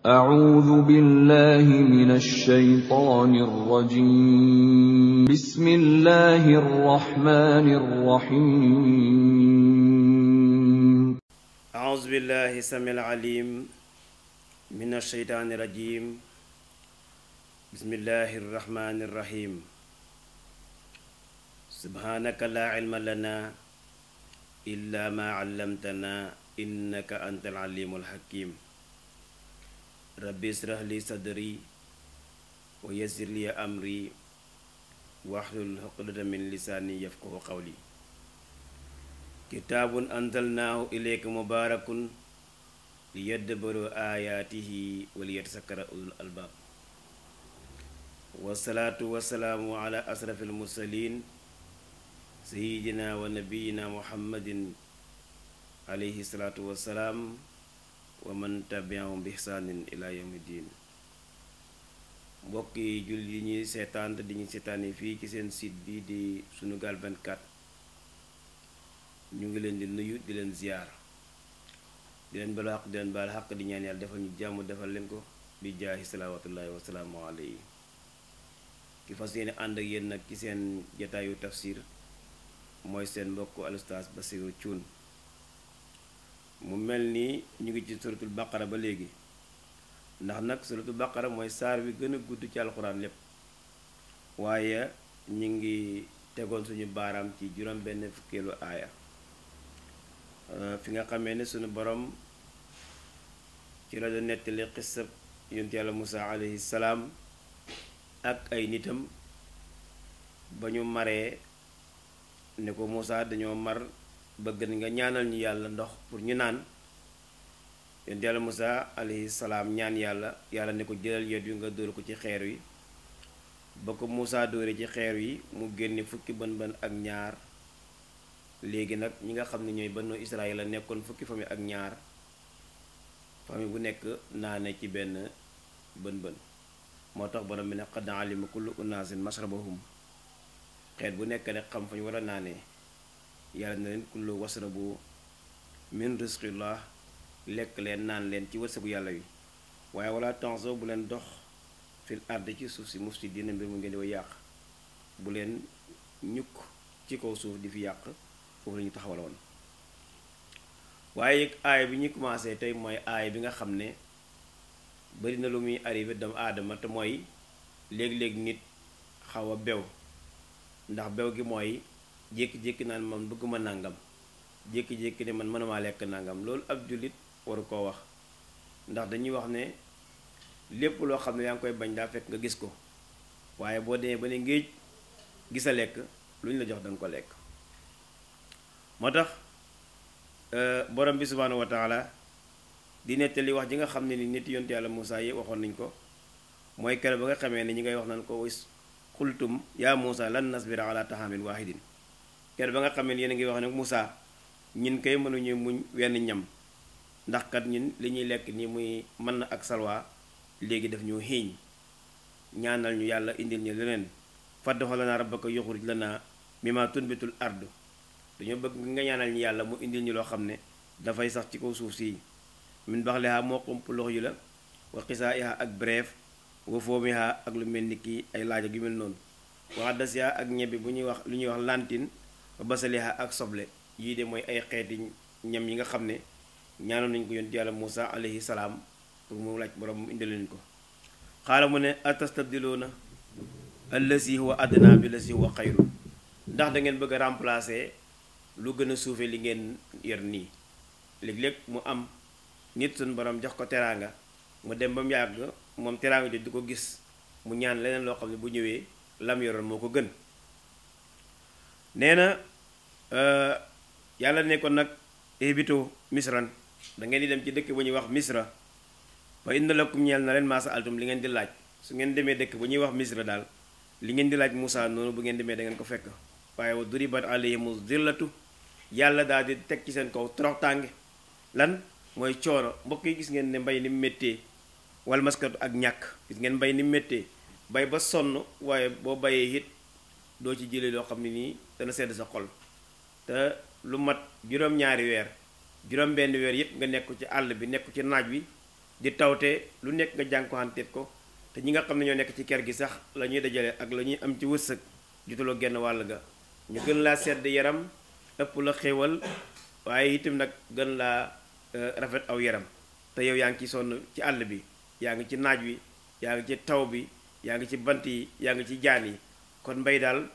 أعوذ بالله من الشيطان الرجيم بسم الله الرحمن الرحيم أعوذ بالله السميع العليم من الشيطان الرجيم بسم الله الرحمن الرحيم سبحانك لا علم لنا إلا ما علمتنا إنك أنت العليم الحكيم rabbi israh li sadri wa yassir li amri wahlul uqdatan min lisaani yafqahu qawli kitaabun anzalnaahu ilayka mubaarakun liyadabbaru aayaatihi wa liyatazakkara ulul albaab wasalaatu wasalaamu ala asrafil mursaliin sayyidina wa nabiyina muhammadin alayhi salaatu wasalaam wa man tabiahum bi ihsaanin ila yawmi diin mbokk yi jul yi ñuy seetaan te fii ci seen site bi di Sunugal 24 ñu ngi leen di nuyu di leen ziar di leen baal xaq di leen baal xaq di ñaan yàlla defal ñu jàmm defal leen ko bi jaahi salawaatullahi wasalaamu alayhi ki fa yéene ànd ak yéen nag ci seen jataayu tafsir mooy seen mbokk al Oustaz Bassirou Thioune mu mel ni ñu ngi ci suratul baqara ba léegi ndax nag suratul baqara mooy saar wi gën a gudd ci alxuraan lépp waaye ñu ngi tegoon suñu baaraam ci juróom benn fukkeelu aaya euh, fi nga xamee ne suñu borom ci la doon nettali xisab yonent yàlla Musaa alayhi salaam ak ay nitam ba ñu maree ne ko Musaa dañoo mar bëgg na nga ñaanal ñu yàlla ndox pour ñu naan yonent yàlla Musaa alayhi salaam ñaan yàlla yàlla ne ko jëlal yet yu nga dóor ko ci xeer yi ba ko Musaa dóore ci xeer yi mu génne fukki bën bën ak ñaar léegi nag ñi nga xam ne ñooy Banu Israayil la nekkoon fukki famille ak ñaar famille bu nekk naane ci benn bën bën moo tax borom bi ne qad alima kullu unaasin masrabahum xeet bu nekk rek xam fa ñu war naanee yàlla na leen kullu wasrabu min rizqillah lekk leen naan leen ci wërsëgu yàlla wi waaye walla tanso bu leen dox fil ard ci suuf si muf si dina mbir mu ngeen di way yàq bu leen ñukk ci kaw suuf di fi yàq foofu la ñu waaye aay bi ñu commencé tey mooy aay bi nga xam ne bari na lu muy arrivé doomu aadama te mooy léegi léegi nit xaw a bew ndax bew gi mooy jékki-jékki naan man bëgguma nàngam jékki-jékki ne man mënumaa lekk nangam loolu ab jullit waru koo wax ndax dañuy wax ne lépp loo xam ne yaa ngi koy bañ daa fekk nga gis ko waaye boo demee ba ne ngéej gis a lekk lu ñu la jox danga ko lekk moo tax euh, borom bi subhaanahu wa taala di nettali wax ji nga xam ne ni nit yontu yàlla Moussa yi waxoon nañ ko mooy kere ba nga xamee ne ñi ngay wax nan ko wis xultum yaa Moussa lan nasbira ala taxamin waahidin ker ba nga xam ne yéen a ngi wax ne Moussa ñin kay mënuñu muñ wenn ñam ndax kat ñun li ñuy lekk nii muy mën na ak salwa léegi daf ñu xiiñ ñaanal ñu yàlla indil ñu leneen faddoxa lanaa rabbaka yuxrij lanaa mimma tunbitul ardu dañoo bëgg nga ñaanal ñu yàlla mu indil ñu loo xam ne dafay sax ci kaw suuf si min baxleha moo xump lox yu la wa xisaaiha ak bref wa foomiha ak lu mel ni kii ay laaj ak mel noonu wa adasiha ak ñebe bu ñuy wax lu ñuy wax lantin basaliha ak soble yii de mooy ay xeeti ñam yi nga xam ne ñaanoon nañ ko yonent yàlla Moussa alayhi salaam pour mu laaj borom mu indi leen ko xaala mu ne atastabdiluuna allazi huwa àddina bi lazi huwa xayru ndax da ngeen bëgg a remplacer lu gën a suufe li ngeen yor nii léeg-léeg mu am nit suñ borom jox ko teraanga mu dem ba mu yàgg moom teraanga jot du ko gis mu ñaan leneen loo xam ne bu ñëwee lam yoroon moo ko gën nee na Euh, yàlla ne ko nag ebitu misran da di dem ci dëkk bu ñuy wax misra fa inna lakum ñeel na leen maasa altum li ngeen di laaj su ngeen demee dëkk bu ñuy wax misra daal li ngeen di laaj Moussa noonu bu ngeen demee da ngeen ko fekk waaye wa duribat alayhimu zillatu yàlla daal di teg ci seen kaw toroxtaange lan mooy coono mbokk yi gis ngeen ne mbay ni mu méttee wal maskatu ak ñàkk gis ngeen mbay ni mu méttee bay ba sonn waaye boo bayee it doo ci jëlee loo xam ne nii dana sedd sa xol te lu mat juróom-ñaari weer juróom-benn weer yëpp nga nekku ci àll bi nekku ci naaj wi di taw te lu nekk nga jànkuwanteet ko te ñi nga xam ne ñoo nekk ci kër gi sax lañuy ñuy dajale ak la ñuy am ci wërsëg jutuloo genn wàll ga ñu gën laa sedd yaram ëpp la xéewal waaye itam nag gën laa euh, rafet aw yaram te yow yaa ngi ci sonn ci àll bi yaa ngi ci naaj wi yaa ngi ci taw bi yaa ngi ci bant yi yaa ngi ci jaan yi kon mbay daal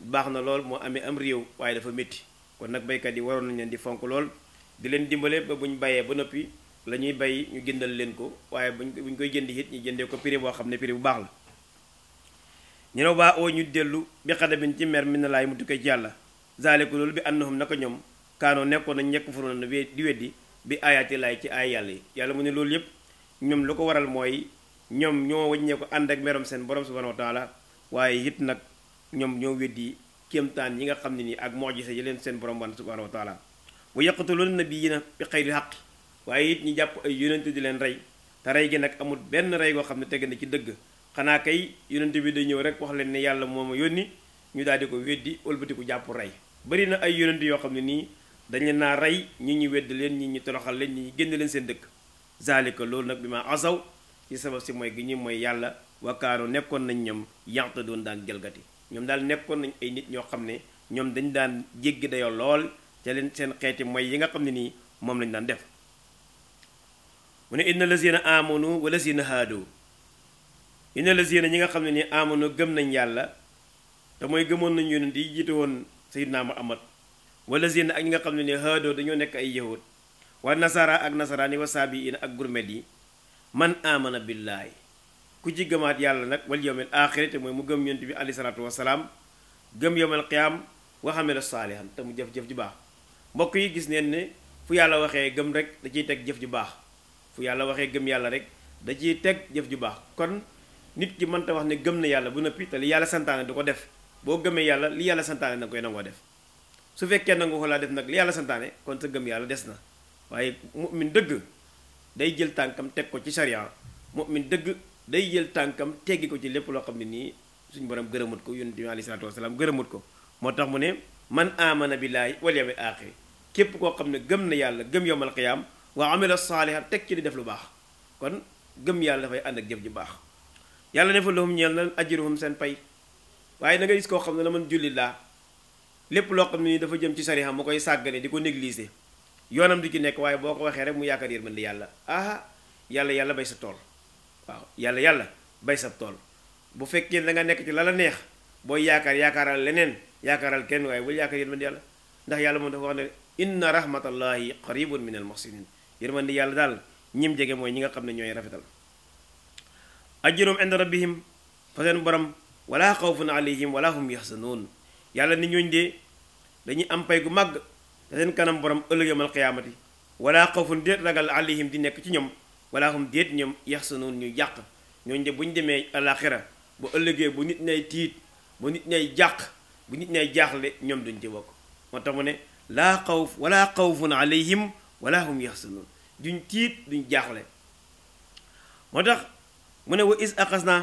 baax na lool moo amee am réew waaye dafa métti kon nag baykat yi waroon nañ leen di fonk lool di leen dimbale ba buñ ñu bayee ba noppi lañuy ñuy bay ñu jëndal leen ko waaye buñ buñ koy jënd it ñu jëndee ko prix boo xam ne prix bu baax la ñu ne waa ñu dellu bi xadabin ci mer mi na laay mu tukkee ci yàlla zaaliku loolu bi annahum naka ñoom kaanoo nekkoon nañ ñekk furoon na di weddi bi aayaati laay ci aay yàlla yi yàlla mu ne loolu yépp ñoom lu ko waral mooy ñoom ñoo waññee ko ànd ak merom seen borom subhanahu wa taala waaye it nag ñoom ñoo weddi kéemtaan yi nga xam ne nii ak mojise yi leen seen borom wan subhanahu wa taala wa yaqtuluuna nabiyina bi xayri xaq waaye it ñu jàpp ay yonent di leen rey te rey gi nag amul benn rey goo xam ne teg na ci dëgg xanaa kay yonent bi day ñëw rek wax leen ne yàlla moo ma yónni ñu daal di ko weddi ku jàpp rey bari na ay yonent yoo xam ne nii dañ leen naa rey ñi ñu wedd leen ñi ñu toloxal leen ñi ñu génn leen seen dëkk zalika loolu nag bi ma asaw ci sabab si mooy gi ñu mooy yàlla wakkaano nekkoon nañ ñoom yànta doon daan jalgati ñoom daal nekkoon nañu ay nit ñoo xam ne ñoom dañu daan jéggi dayoo lool ca leen seen xeeti mooy yi nga xam ne nii moom lañ daan def mu ne inna lazina amanu wa lazina haadu inna lazina ñi nga xam ne nii amanu gëm nañ yàlla te mooy gëmoon nañu yonent di jiite woon naa ma amat wa lazina ak ñi nga xam ne nii haadoo dañoo nekk ay yahud wa nasara ak nasaraani wa saabiina ak gurmet yi man amana billaahi ku ci gëmaat yàlla nag wal yawmil aaxiri te mooy mu gëm yonent bi alayhi salaatu wasalaam gëm yawmal qiyaam wa xamila saalihan te mu jëf-jëf ju baax mbokk yi gis neen ne fu yàlla waxee gëm rek da ciy teg jëf ju baax fu yàlla waxee gëm yàlla rek da ciy teg jëf ju baax kon nit ki mënta wax ne gëm na yàlla bu noppi te li yàlla santaane du ko def boo gëmee yàlla li yàlla santaane nag koy nangoo def su fekkee nangu ko laa def nag li yàlla santaane kon sa gëm yàlla des na waaye mu'min dëgg day jël tànkam teg ko ci sharia day jël tànkam teggi ko ci lépp loo xam ne nii suñu borom gërëmat ko yonent bi alayhi salaatu wasalaam gërëmat ko moo tax mu ne man amana billaahi wal yawmil aaxir képp koo xam ne gëm na yàlla gëm yowmal waa wa amila saalihan teg ci di def lu baax kon gëm yàlla dafay ànd ak jëf ju baax yàlla ne fa lahum ñeel na ajruhum seen pay waaye da nga gis koo xam ne la man julli laa lépp loo xam ne nii dafa jëm ci sariha mu koy sàggane di ko négliger yoonam di ci nekk waaye boo ko waxee rek mu yaakaar yërmande yàlla ah yàlla yàlla bay sa tool waaw yàlla yàlla bay sab tool bu fekkee da nga nekk ci la la neex booy yaakaar yaakaaral leneen yaakaaral kenn waaye bul yaakaar yërmande yàlla ndax yàlla moom dafa wax ne inna rahmatallahi qaribun min al muhsinin yërmande yàlla daal ñim jege mooy ñi nga xam ne ñooy rafetal ajrum inda rabbihim fa seen borom wala xawfun alayhim wala hum yaxzanun yàlla ni ñooñ de dañuy am pay gu màgg te seen kanam borom ëllëg yawmal qiyaamati wala xawfun déet ragal alayhim di nekk ci ñoom wala hum déet ñoom yaxsanuun ñu jàq ñooñu de bu ñu demee alaxira bu ëllëgee bu nit nay tiit bu nit nay jàq bu nit nay jaaxle ñoom duñ ci bokk moo tax mu ne laa xawf wala xawfun alayhim wala hum yaxsanuun duñ tiit duñ jaaxle moo tax mu ne wa is aqas naa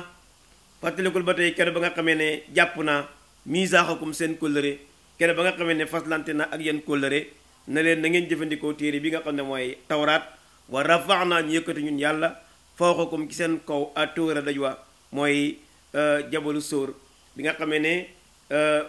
fàttalikul ba tey kere ba nga xamee ne jàpp naa misaaxakum seen kóllëre kere ba nga xamee ne faslante naa ak yéen kóllëre na leen na ngeen jëfandikoo téere bi nga xam ne mooy tawraat wa rafa'na ñu yëkkati ñun yàlla fawqakum ci seen kaw at-tuura daj wa mooy euh, jabalu sóor bi nga xamee ne euh,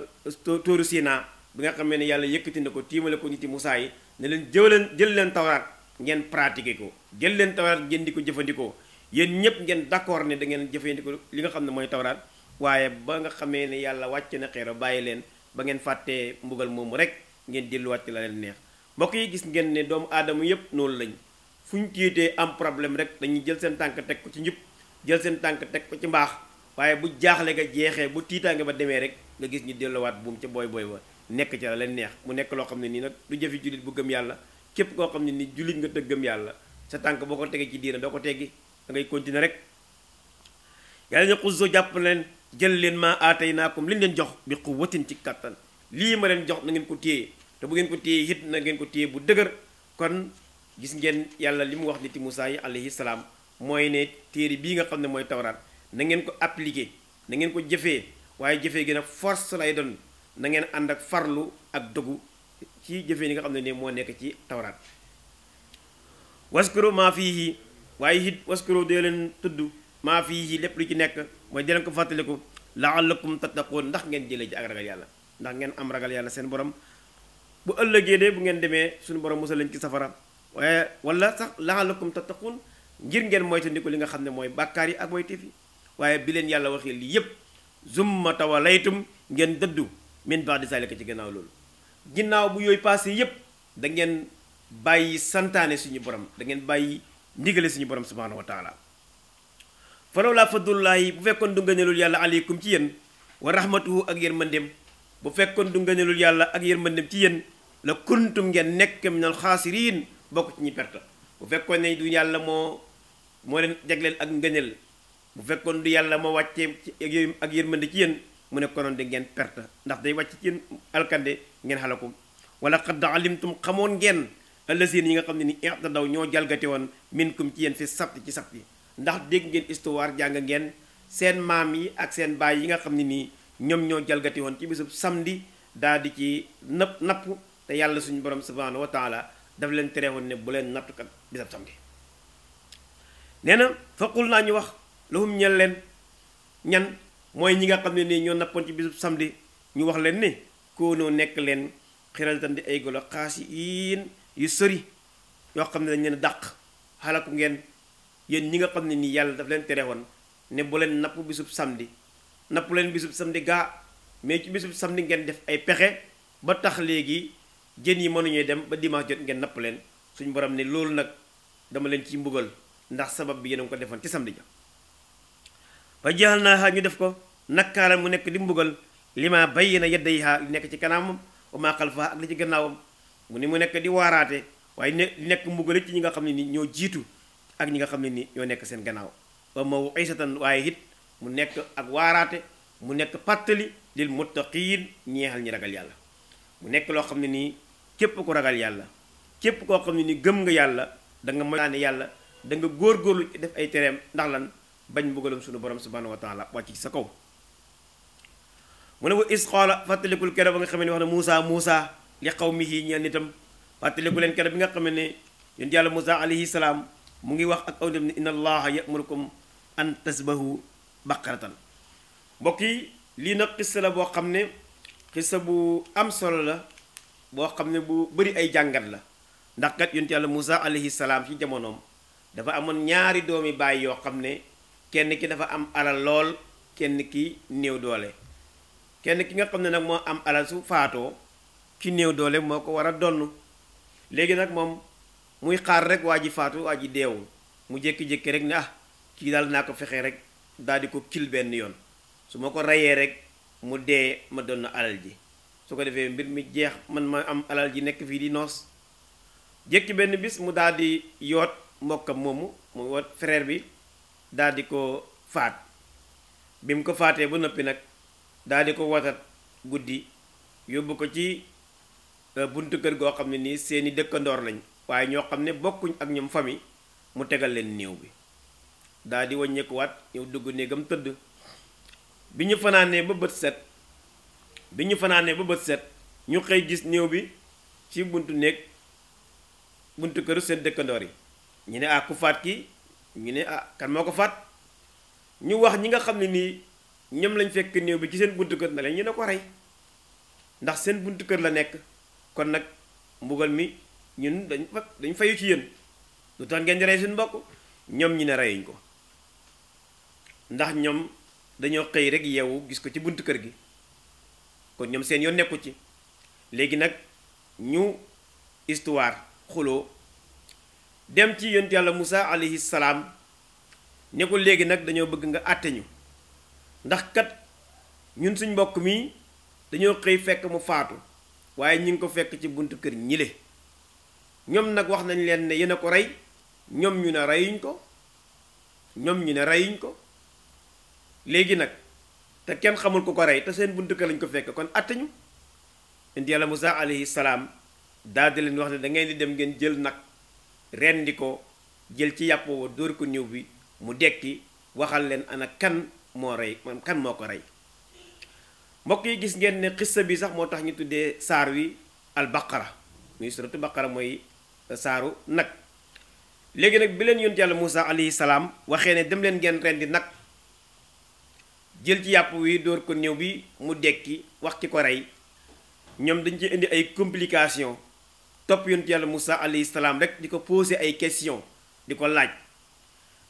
tóoru Sina bi nga xamee ne yàlla yëkkati na ko tiimale ko niti Musaa yi ne leen jëw leen jël leen tawraat ngeen pratiquer ko jël leen tawraat ngeen di ko jëfandikoo yéen ñépp ngeen d'accord ne da ngeen jëfandikoo li nga xam ne mooy tawraat waaye ba nga xamee ne yàlla wàcc na xeer bàyyi leen ba ngeen fàttee mbugal moomu rek ngeen delluwaat ci la leen mbokk yi gis ngeen ne doomu aadama yépp noonu lañ fu ñu jiitee am problème rek dañuy jël seen tànk teg ko ci njub jël seen tànk teg ko ci mbaax waaye bu jaaxle nga jeexee bu tiitaange ba demee rek nga gis ñu delluwaat buum ca booy booy ba nekk ca la leen neex mu nekk loo xam ne nii nag du jëfi jullit bu gëm yàlla képp koo xam ne ni jullit nga tëgg gëm yàlla sa tànk boo ko tegee ci diina doo ko teggi da ngay continuer rek yàlla ne xusso jàpp leen jël leen maa aatay naakum liñ leen jox bi quwwatin ci kattan lii ma leen jox na ngeen ko téye te bu ngeen ko téye it na ngeen ko téye bu dëgër gis ngeen yàlla li mu wax nit Moussa yi alayhi salaam mooy ne téere bii nga xam ne mooy tawraat na ngeen ko appliquer na ngeen ko jëfee waaye jëfee gi nag force lay doon na ngeen ànd ak farlu ak dogu ci jëfe li nga xam ne nii moo nekk ci tawraat waskuro maa fiihi waaye it waskuro dee leen tudd maa fiihi lépp lu ci nekk mooy di leen ko fàttaliku laallakum tattaqoon ndax ngeen jëlee ji ak ragal yàlla ndax ngeen am ragal yàlla seen borom bu ëllëgee de bu ngeen demee suñu borom musal ci safara waaye wala sax tax tattaqun ngir ngeen moytandiku li nga xam ne mooy bàkkaar yi ak mooy tiif yi waaye bi leen yàlla waxee lii yépp zumma tawalaytum ngeen dëddu min ba'di zalika ci gannaaw loolu ginnaaw bu yooyu passé yépp da ngeen bàyyi santaane suñu borom da ngeen bàyyi ndigale suñu borom subhanahu wa taala falawlaa bu fekkoon du ngëneelul yàlla aleykum ci yéen wa rahmatuhu ak yërmandeem bu fekkoon du ngëneelul yàlla ak yërmandeem ci yéen la ngeen nekk minal xaasiriin bokk ci ñi perte bu fekkoon ne du yàlla moo moo leen jagleel ak ngëneel bu fekkoon du yàlla moo wàccee ak di ci yéen mu ne konoon de ngeen perte ndax day wàcc ci yéen alkande ngeen xalaku wala qad alimtum xamoon ngeen allazina yi nga xam ne ni ndaw ñoo jalgate woon minkum ci yéen fi sabti ci sabti ndax dégg ngeen histoire jàng ngeen seen maam yi ak seen baay yi nga xam ne nii ñoom ñoo jalgate woon ci bisub samedi daal di ci nëpp napp te yàlla suñu borom subhanahu wa taala daf leen tere woon ne bu leen nattukat bisab samedi nee na faqul naa ñu wax lahum ñel leen ñan mooy ñi nga xam ne nii ñoo nappoon ci bisub samedi ñu wax leen ni koonoo nekk leen xiraltan di ay golo xaasi yiin yu sori yoo xam ne dañ dàq xalaku ngeen yéen ñi nga xam ne nii yàlla daf leen tere woon ne bu leen napp bisub samedi napp leen bisub samedi gaa mais ci bisub samedi ngeen def ay pexe ba tax léegi jën yi mënuñuy dem ba dimanche jot ngeen napp leen suñu borom ne loolu nag dama leen ci mbugal ndax sabab bi yéen ko defoon ci samedi ja fa jeexal naa ñu def ko nakkaala mu nekk di mbugal li ma bayyi na yedda yi xaa li nekk ci kanamam uma xalfa ak li ci gannaawam mu ni mu nekk di waaraate waaye ne nekk mbugal ci ñi nga xam ne ni ñoo jiitu ak ñi nga xam ne nii ñoo nekk seen gannaaw wa ma aysatan waaye it mu nekk ak waaraate mu nekk pàttali lil muttaqiin ñeexal ñi ragal yàlla képp ko ragal yàlla képp koo xam ne ni gëm nga yàlla da nga moytaane yàlla da nga góorlu def ay tereem ndax lan bañ mbugalam sunu borom subhanahu wa taala wàcc ci sa kaw mu ne wa is xoola fàttalikul kere ba nga xam ne wax ne Moussa Moussa li xaw mi yi ñeen nitam fàttaliku leen kere bi nga xam ne yonent yàlla Moussa alayhi salaam mu ngi wax ak aw dem ne inna allaha yamurukum an tasbahu baqaratan mbokk yi lii nag xissa la boo xam ne xissa bu am solo la boo xam ne bu bëri ay jàngat la ndax kat yonent yàlla Moussa alayhi salaam ci jamonoom dafa amoon ñaari doomi baay yoo xam ne kenn ki dafa am alal lool kenn ki néew doole kenn ki nga xam ne nag moo am alal su faatoo ki néew doole moo ko war a donn léegi nag moom muy xaar rek waa ji faatu waa ji deewul mu jékki-jékki rek ne ah kii daal naa ko fexe rek daal di ko kil benn yoon su ma ko reyee rek mu dee ma donn alal ji su ko defee mbir mi jeex man ma am alal ji nekk fii di noos jékki benn bis mu daal di yoot mbokkam moomu mu woot frère bi daal di ko faat bi mu ko faatee ba noppi nag daal di ko watat guddi yóbbu ko ci euh, buntu kër goo xam ne nii seeni dëkkandoor lañ waaye ñoo xam ne bokkuñ ak ñoom famille mu tegal leen néew bi daldi di wàññeekuwaat ñëw dugg néegam tëdd bi ñu fanaanee ba bët set bi ñu fanaanee ba bët set ñu xëy gis néew bi ci buntu néeg buntu këru seen dëkkandoor yi ñu ne ah ku faat kii ñu ne ah kan moo ko faat ñu wax ñi nga xam ne nii ñoom lañ fekk néew bi ci seen buntu kër na ñu ne ko rey ndax seen buntu kër la nekk kon nag mbugal mi ñun dañ dañ fayu ci yéen lu tax ngeen di mbokk ñoom ñu ne reyuñ ko ndax ñoom dañoo xëy rek yeewu gis ko ci buntu kër gi kon ñoom seen yoon nekku ci léegi nag ñu histoire xuloo dem ci yoon yàlla Moussa alayhi salaam ne ko léegi nag dañoo bëgg nga àtte ñu ndax kat ñun suñ mbokk mi dañoo xëy fekk mu faatu waaye ñu ngi ko fekk ci buntu kër ñile ñoom nag wax nañ leen ne yéen ko rey ñoom ñu ne reyuñ ko ñoom ñu ne reyuñ ko léegi nag te kenn xamul ku ko rey te seen buntu kër lañ ko fekk kon atte ñu indi yàlla Musaa alayhi salaam daal di leen wax ne da di dem ngeen jël nag rendi ko jël ci yàpp wa dóor ko ñëw bi mu dekki waxal leen ana kan moo rey kan moo ko rey mbokk yi gis ngeen ne xissa bi sax moo tax ñu tuddee saar wi al baqara muy suratu baqara mooy saaru nag léegi nag bi leen yonent yàlla Musaa alayhi salaam waxee ne dem leen ngeen rendi nag jël ci yàpp wi dóor ko néew bi mu dekki wax ci ko rey ñoom dañ ci indi ay complication topp yonent yàlla Moussa alayhi salaam rek di ko poser ay question di ko laaj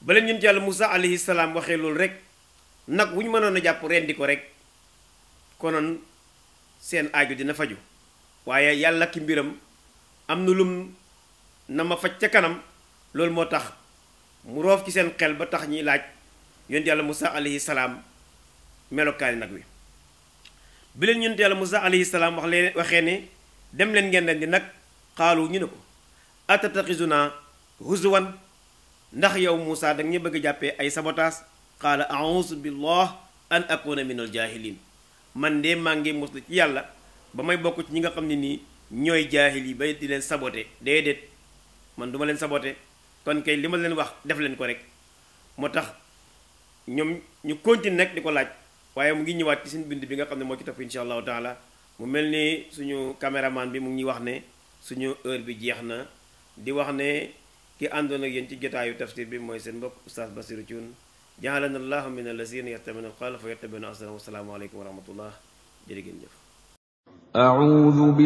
ba leen yonent yàlla Moussa alayhi salaam waxee loolu rek nag wu mënoon a jàpp rendi ko rek konoon seen aajo dina faju waaye yàlla ki mbiram am na lum na ma faj ca kanam loolu moo tax mu roof ci seen xel ba tax ñuy laaj yonent yàlla Moussa alayhi salaam melokaani nag wi bi leen yonent musa Musaa alayhi wax leen waxee ne dem leen ngeen leen di nag xaalu ñu ne ko atattaxizuna huzuwan ndax yow Musaa da nga bëgg jàppee ay sabotaas qaala auzu billah an ak min al jaahiliin man de maa ngi muslu ci yàlla ba may bokk ci ñi nga xam ne nii ñooy jaahil yi bay di leen sabote déedéet man duma leen sabote kon kay li ma leen wax def leen ko rek moo tax ñoom ñu continue nekk di ko laaj waaye mu ngi ñëwaat ci seen bind bi nga xam ne moo ci topp insha allahu taala mu mel ni suñu caméraman bi mu ngi ñuy wax ne suñu heure bi jeex na di wax ne ki àndoon ak yéen ci jotaayu tafsir bi mooy seen mbokk oustaz Basiru Cuun jaalana allahu min allazina yattabina alqaala fa yattabina ahsana wasalaamu aleykum wa rahmatullah jërë ngeen jëf أعوذ